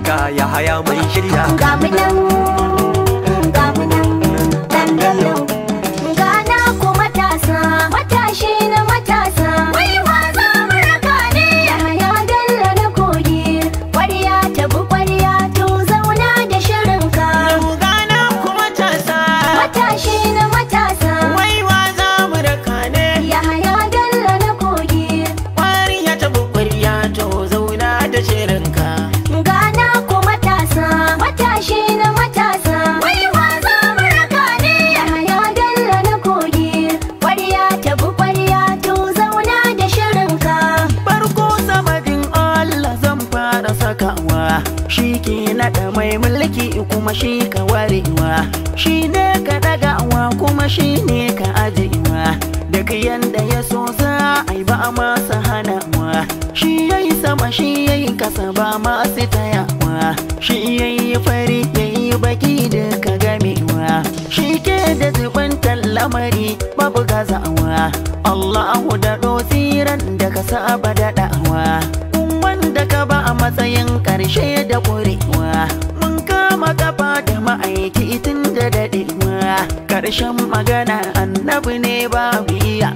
ka ya haya mai shirya. Ga mu nan shi ne ka aji Daga duk yanda ya so za a ba ma masa hana wa shi ya yi sama shi ya yi kasa ba masu tayawa shi ya yi fari ya yi baki duka gamewa shi ke da zubantar lamari babu gazawa Allahu da dosiran da ka saba da Kun wanda ka ba a matsayin ƙarshe da kurewa ƙarshen magana annabi ne babu iya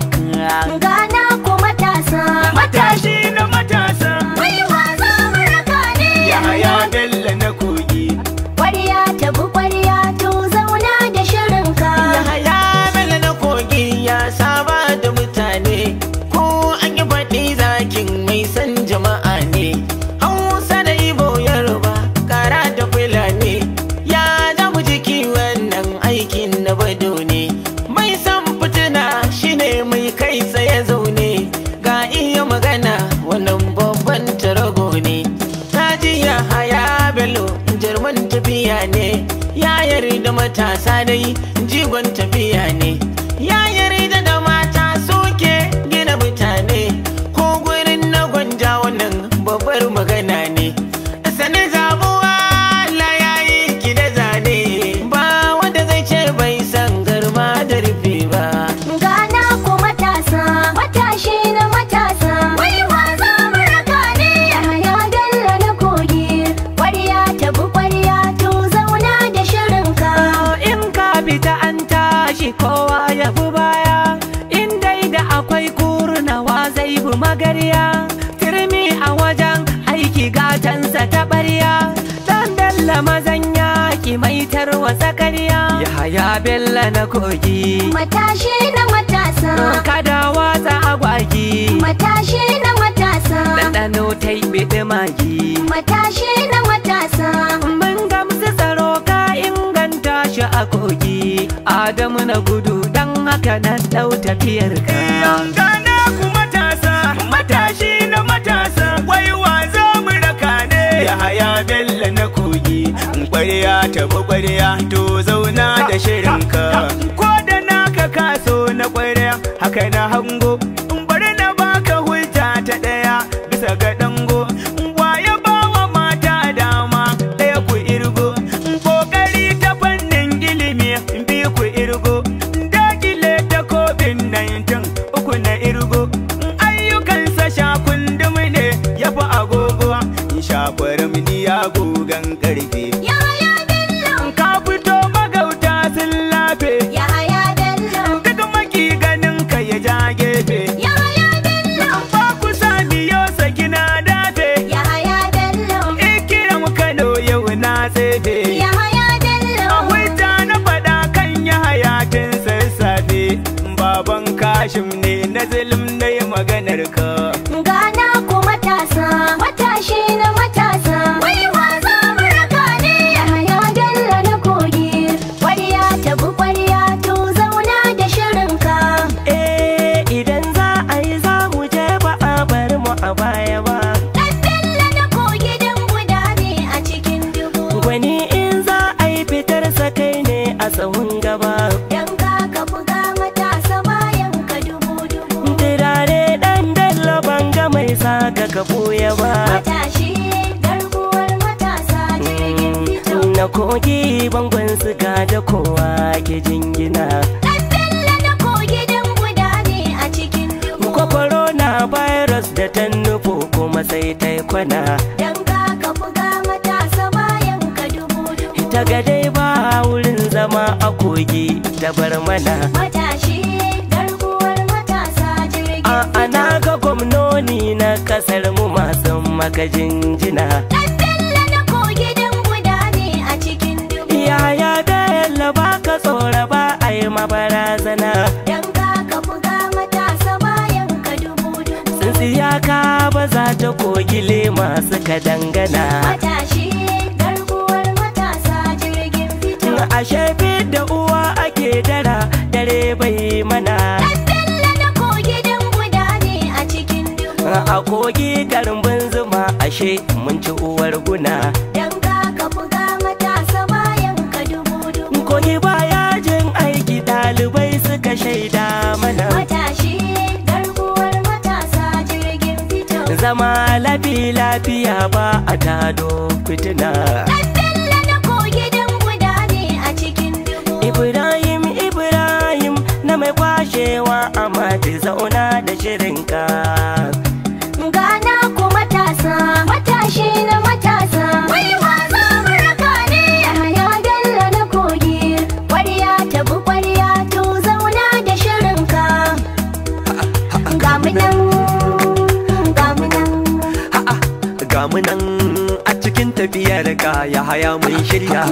gana ko matasa matashi na matasa dai da taɓarya ɗan dalla mazan yaki maitar wasa karya yahaya bella na kogi matashi na matasa kada watsa agwagi matashi na matasa ɗanɗano ta yi biɗi magi matashi na matasa mun gamsu tsaro ka inganta shi a kogi adamu na gudu dan haka na ɗau tafiyar ka. Yanga na ku matasa, matashi na ta taɓa ƙwarya to zauna da shirinka ko da naka kaso na ƙwarya haka na hango in bari na baka hujja ta ɗaya bisa ga dango ba wa mata dama ɗaya ku irgo ƙoƙari ta fannin ilimi bi ku irgo dakile ta kobin tun uku na irgo ayyukansa shakundumi ne ya fi agogo Sha ya gogon ƙarfe hashim ne na zulum na maganar ka kogi bangon suka da kowa ke jingina Katsalla da kogi don guda ne a cikin duhu Ko corona virus da ta nufo kuma sai ta kwana Dan ka ka buga matasa bayan ka dubu dubu Ta ga dai ba wurin zama a kogi ta bar mana Matashi garkuwar matasa jirgin A ana ga gwamnoni na kasar mu masu maka jinjina Yaya Bello ba ka tsora ba a yi mabarazana. Yanka ka buga matasa bayan ka dubu dubu. Tsintsiya ka ba za ta kogile masu ka dangana. Matashi garkuwar matasa jirgin fito. Ashe fi da uwa ake dara dare bai mana. a kogi garin zuma ashe mun ci uwar guna zama lafi lafiya ba a tado fitina Ibrahim Ibrahim na mai kwashewa a mati zauna da shirinka nan a cikin tafiyar ka ya haya mun shirya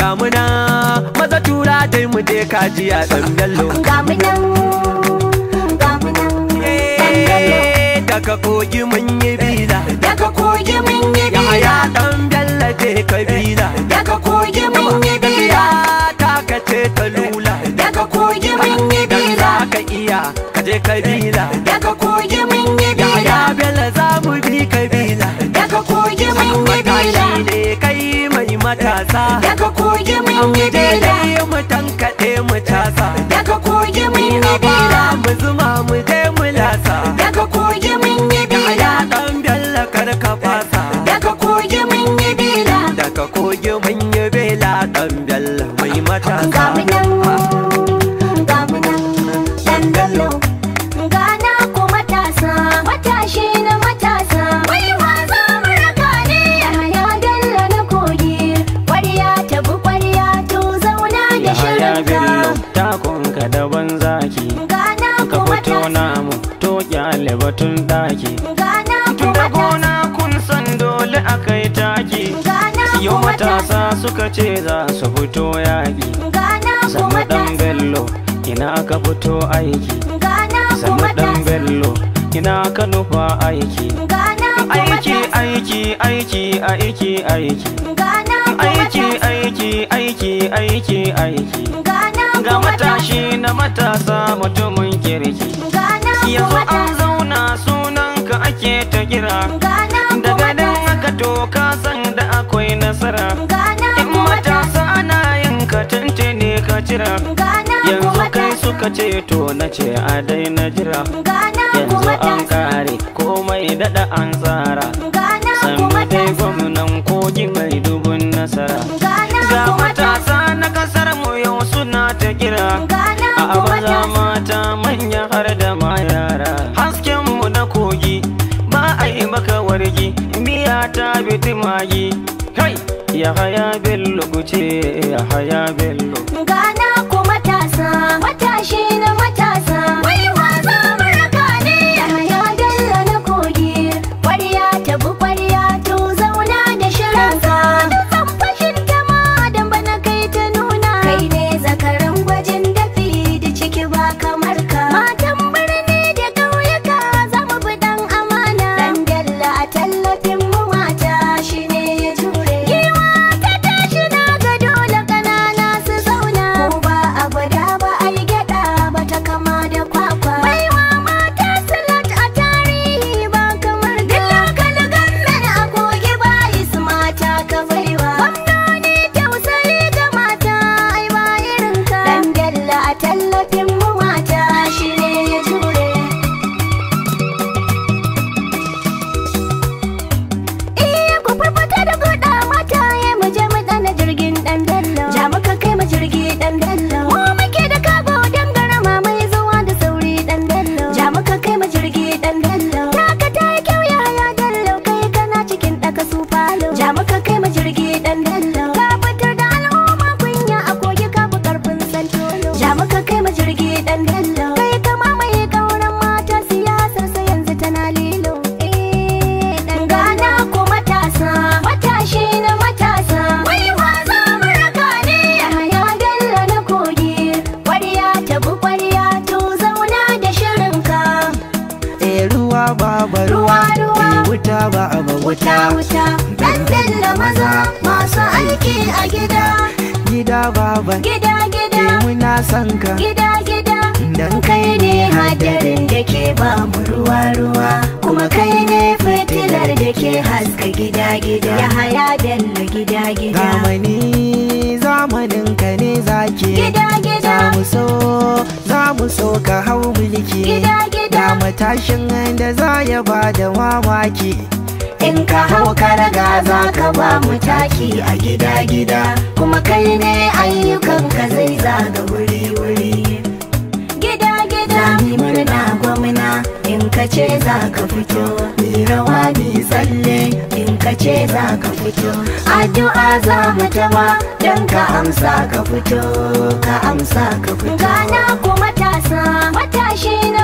gamuna ah, maza tura dai mu je kajiya dan bello eh, daga kogi mun yi bila daga kogi mun yi bila ya dangalla je ka kabila daga kogi mun yi bila ta kace ta lula daga kogi mun yi bila ka iya je kabila daga kogi mun yi gaya bela za mu bi kabila daga kogi mun yi gaya ne kai mai matasa daga kogi mun yi gaya mu tankaɗe matasa suka ce za su fito yaƙi sannu ɗan bello ina ka fito aiki sannu ɗan bello ina ka nufa aiki aiki aiki aiki aiki aiki aiki aiki aiki aiki aiki ga matashi na matasa mutumin kirki yanzu an zauna sunanka ake ta gira daga nan aka to ka san da akwai nasara jira yanzu kai suka ce to na ce a na jira yanzu an kare komai dada an tsara sami dai gwamnan kogi mai dubun nasara za matasa na kasar mu yau suna ta gira. a maza mata manya har da ma yara hasken mu na kogi ba a yi maka wargi miya ta biti magi ya haya bello kuce ya haya bello gana ko matasa ba mu ruwa-ruwa kuma kai ne fitilar da ke haska gida-gida ya haya bello gida-gida zamani zamanin ka ne zaki gida-gida za mu so za mu so ka hau mulki gida-gida da matashin da za ya ba da mamaki in ka hau ka raga za ka ba mu taki a gida-gida kuma kai ne ayyukan ka zai zaga wuri-wuri kace za ka fito mi rawa mi tsalle in kace za ka fito addu'a za mu taba dan ka amsa ka fito ka amsa ka fito kana ku matasa matashi na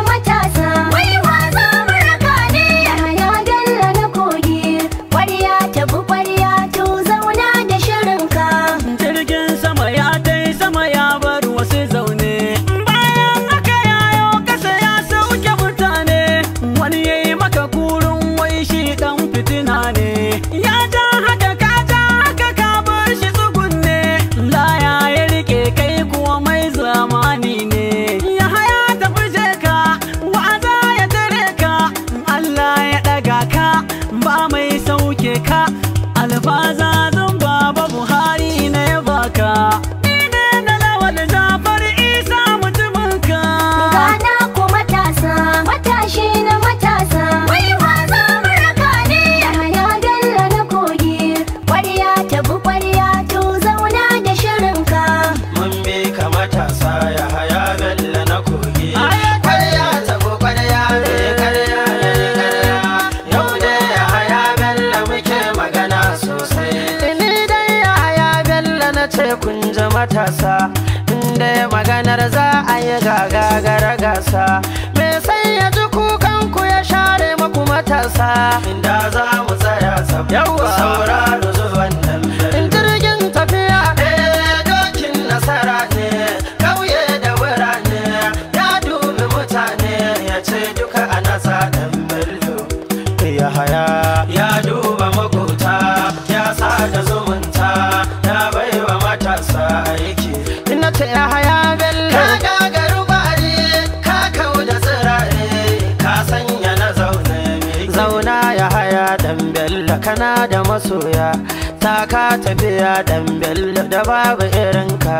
ce kun ji matasa inda maganar za a yi gagagara gasa me sai ya ji kukan ku ya share maku matasa inda za mu tsaya sabu sauraro zuwan nan kana da masoya ta ka tafiya dan bello da babu irinka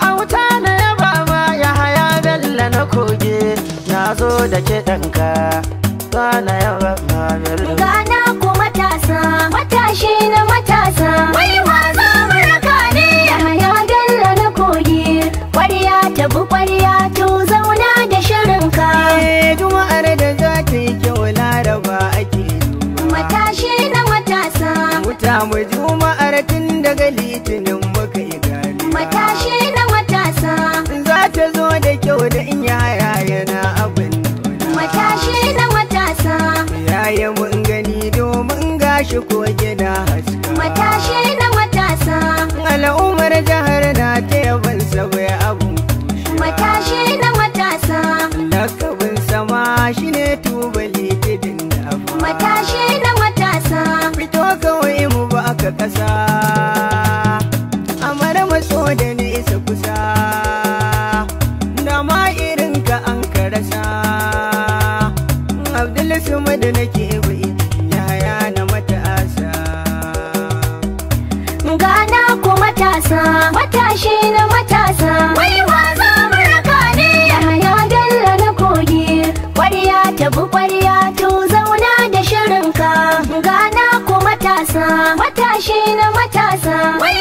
a wuta na yaba ma ya haya bello na koge na zo da kiɗanka ba na yaba ma bello mu juma'ar tun daga ƙasa amar maso da isa kusa da ma irin ka an karasa da nake kashe na matasa.